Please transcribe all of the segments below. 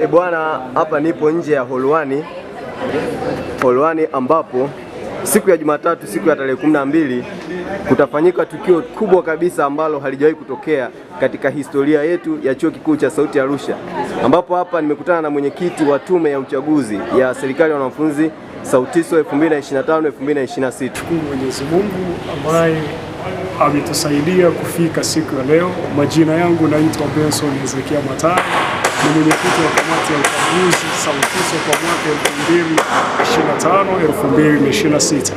E, bwana hapa nipo nje ya Holwani. Holwani ambapo siku ya Jumatatu siku ya tarehe mbili kutafanyika tukio kubwa kabisa ambalo halijawahi kutokea katika historia yetu ya Chuo Kikuu cha Sauti Arusha, ambapo hapa nimekutana na mwenyekiti wa Tume ya Uchaguzi ya Serikali ya Wanafunzi SAUTISO 2025 2026. Shukuru Mwenyezi Mungu ambaye ametusaidia kufika siku ya leo. Majina yangu naitwa Benson Ezekia Matai ni mwenyekiti wa kamati ya uchaguzi SAUTISO kwa mwaka 2025 2026.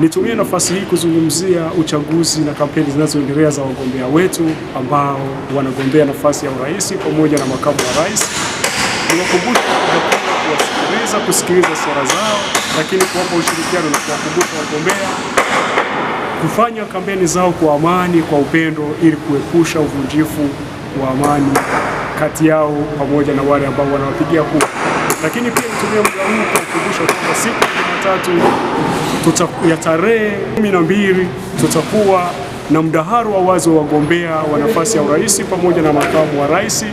Nitumie nafasi hii kuzungumzia uchaguzi na kampeni zinazoendelea za wagombea wetu ambao wanagombea nafasi ya urais pamoja na makamu wa rais. Niwakumbushe kuwasikiliza, kusikiliza sera zao, lakini kuwapa ushirikiano na kuwakumbusha wagombea kufanya kampeni zao kwa amani, kwa upendo ili kuepusha uvunjifu wa amani kati yao pamoja na wale ambao wanawapigia kura. Lakini pia nitumia muda huu kuwakumbusha kwamba siku ya Jumatatu ya tarehe 12 tutakuwa na mdaharo wa wazi wa wagombea wa nafasi ya urais pamoja na makamu wa rais,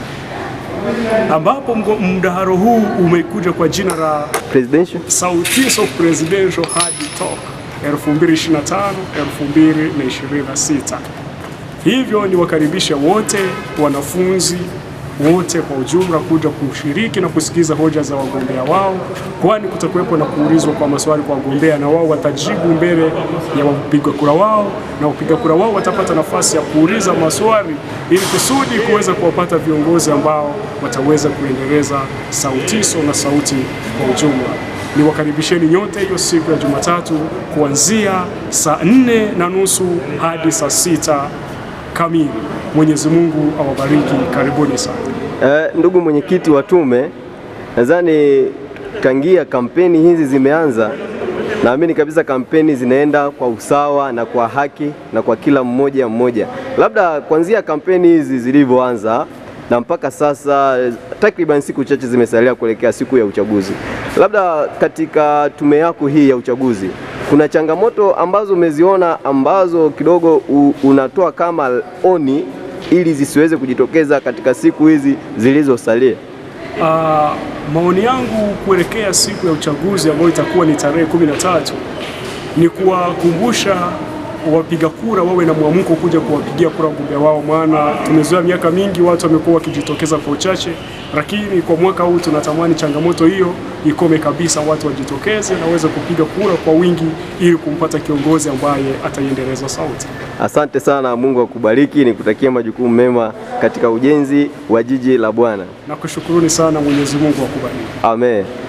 ambapo mdaharo huu umekuja kwa jina la Presidential Sauties of Presidential Hard Talk 2025 2026. Hivyo ni wakaribisha wote wanafunzi wote kwa ujumla kuja kushiriki na kusikiza hoja za wagombea wao, kwani kutakuwepo na kuulizwa kwa maswali kwa wagombea, na wao watajibu mbele ya wapiga kura wao, na wapiga kura wao watapata nafasi ya kuuliza maswali ili kusudi kuweza kuwapata viongozi ambao wataweza kuendeleza Sautiso na sauti kwa ujumla. Niwakaribisheni nyote hiyo siku ya Jumatatu kuanzia saa nne na nusu hadi saa sita kamili. Mwenyezi Mungu awabariki, karibuni sana. Eh, ndugu mwenyekiti wa tume, nadhani tangia kampeni hizi zimeanza, naamini kabisa kampeni zinaenda kwa usawa na kwa haki na kwa kila mmoja mmoja. Labda kuanzia kampeni hizi zilivyoanza na mpaka sasa eh, takriban siku chache zimesalia kuelekea siku ya uchaguzi. Labda katika tume yako hii ya uchaguzi kuna changamoto ambazo umeziona ambazo kidogo u, unatoa kama oni ili zisiweze kujitokeza katika siku hizi zilizosalia? Uh, maoni yangu kuelekea siku ya uchaguzi ambayo itakuwa ni tarehe kumi na tatu ni kuwakumbusha wapiga kura wawe na mwamko kuja kuwapigia kura wagombea wao, maana tumezoea miaka mingi watu wamekuwa wakijitokeza kwa uchache, lakini kwa mwaka huu tunatamani changamoto hiyo ikome kabisa, watu wajitokeze na waweze kupiga kura kwa wingi ili kumpata kiongozi ambaye ataiendeleza sauti. Asante sana, Mungu akubariki, nikutakia majukumu mema katika ujenzi wa jiji la Bwana. Nakushukuruni sana, Mwenyezi Mungu akubariki. Amen.